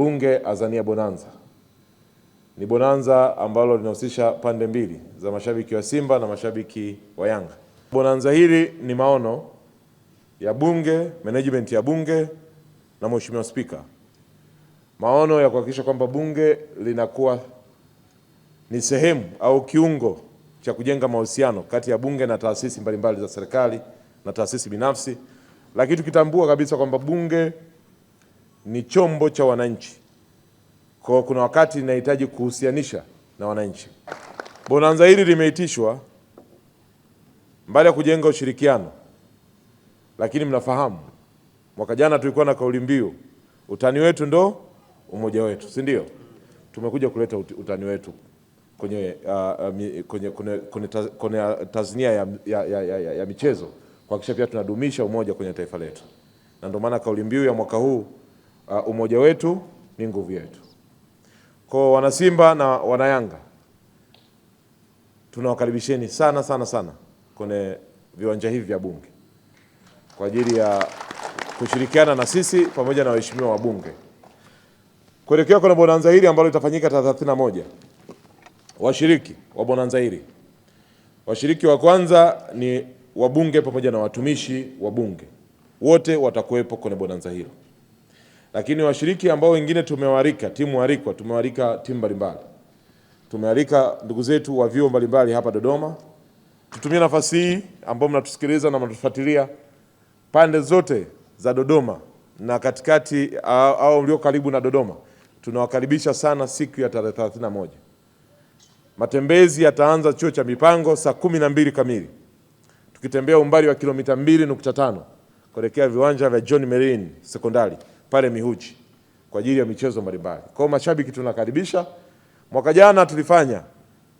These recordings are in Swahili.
Bunge azania bonanza. Ni bonanza ambalo linahusisha pande mbili za mashabiki wa Simba na mashabiki wa Yanga. Bonanza hili ni maono ya Bunge, management ya Bunge na Mheshimiwa Spika, maono ya kuhakikisha kwamba Bunge linakuwa ni sehemu au kiungo cha kujenga mahusiano kati ya Bunge na taasisi mbalimbali za serikali na taasisi binafsi, lakini tukitambua kabisa kwamba Bunge ni chombo cha wananchi. Kwa kuna wakati inahitaji kuhusianisha na wananchi. Bonanza hili limeitishwa mbali ya kujenga ushirikiano, lakini mnafahamu mwaka jana tulikuwa na kauli mbiu utani wetu ndo umoja wetu, si ndio? Tumekuja kuleta utani wetu kwenye, uh, uh kwenye, kwenye, kwenye, taz, kwenye tasnia ya, ya, ya, ya, ya michezo kuhakikisha pia tunadumisha umoja kwenye taifa letu, na ndio maana kauli mbiu ya mwaka huu uh, umoja wetu ni nguvu yetu. Kwa wanasimba na wanayanga, tunawakaribisheni sana sana sana kwenye viwanja hivi vya Bunge kwa ajili ya kushirikiana na sisi pamoja na waheshimiwa wabunge kuelekea kuna bonanza hili ambalo litafanyika tarehe 31. Washiriki wa bonanza hili, washiriki wa kwanza ni wabunge pamoja na watumishi wa bunge, wote watakuwepo kwenye bonanza hilo. Lakini washiriki ambao wengine tumewarika timu warikwa, tumewarika timu mbalimbali, tumewarika ndugu zetu wa vyuo mbalimbali hapa Dodoma. Tutumie nafasi hii ambao mnatusikiliza na mnatufuatilia pande zote za Dodoma na katikati au mlio karibu na Dodoma, tunawakaribisha sana siku ya tarehe 31. Matembezi yataanza chuo cha mipango saa kumi na mbili kamili tukitembea umbali wa kilomita 2.5 kuelekea viwanja vya John Merlin Sekondari pale Mihuji kwa ajili ya michezo mbalimbali. Kwa hiyo mashabiki tunakaribisha. Mwaka jana tulifanya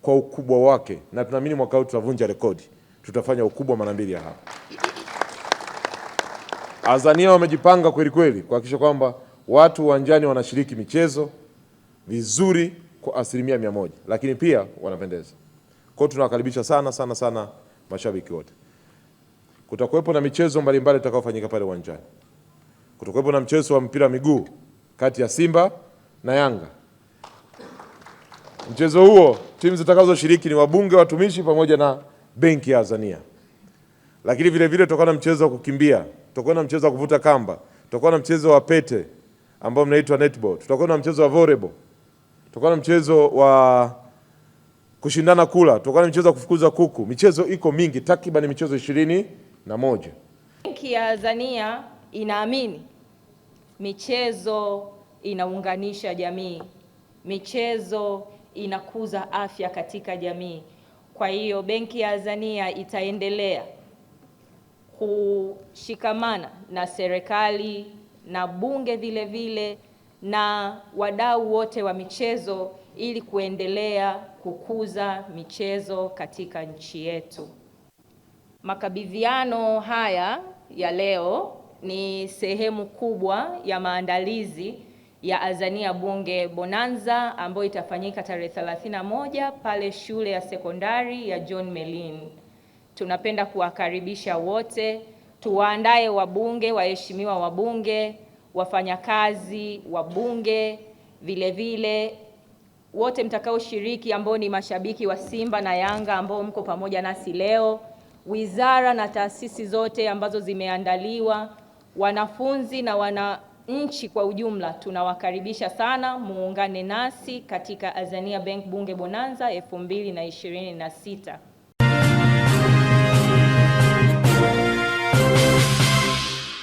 kwa ukubwa wake na tunaamini mwaka huu tutavunja rekodi, tutafanya ukubwa mara mbili ya hapa. Azania wamejipanga kweli kweli kuhakikisha kwamba watu uwanjani wanashiriki michezo vizuri kwa asilimia mia moja, lakini pia wanapendeza. Kwa hiyo tunawakaribisha sana sana sana mashabiki wote. Kutakuwepo na michezo mbalimbali itakayofanyika pale uwanjani kutokuwepo na mchezo wa mpira wa miguu kati ya Simba na Yanga. Mchezo huo timu zitakazoshiriki ni wabunge, watumishi pamoja na benki ya Azania. Lakini vile vile tutakuwa na mchezo wa kukimbia, tutakuwa na mchezo wa kuvuta kamba, tutakuwa na mchezo wa pete ambao mnaitwa netball, tutakuwa na mchezo wa volleyball, tutakuwa na mchezo wa kushindana kula, tutakuwa na mchezo wa kufukuza kuku. Michezo iko mingi, takriban michezo ishirini na moja. Benki ya Azania inaamini Michezo inaunganisha jamii, michezo inakuza afya katika jamii. Kwa hiyo Benki ya Azania itaendelea kushikamana na serikali na bunge vile vile na wadau wote wa michezo ili kuendelea kukuza michezo katika nchi yetu. Makabidhiano haya ya leo ni sehemu kubwa ya maandalizi ya Azania Bunge Bonanza ambayo itafanyika tarehe 31 pale shule ya sekondari ya John melin Tunapenda kuwakaribisha wote, tuwaandae wabunge, waheshimiwa wabunge, wafanyakazi wabunge, vile vile wote mtakaoshiriki ambao ni mashabiki wa Simba na Yanga ambao mko pamoja nasi leo, wizara na taasisi zote ambazo zimeandaliwa wanafunzi na wananchi kwa ujumla, tunawakaribisha sana muungane nasi katika Azania Bank Bunge Bonanza 2026.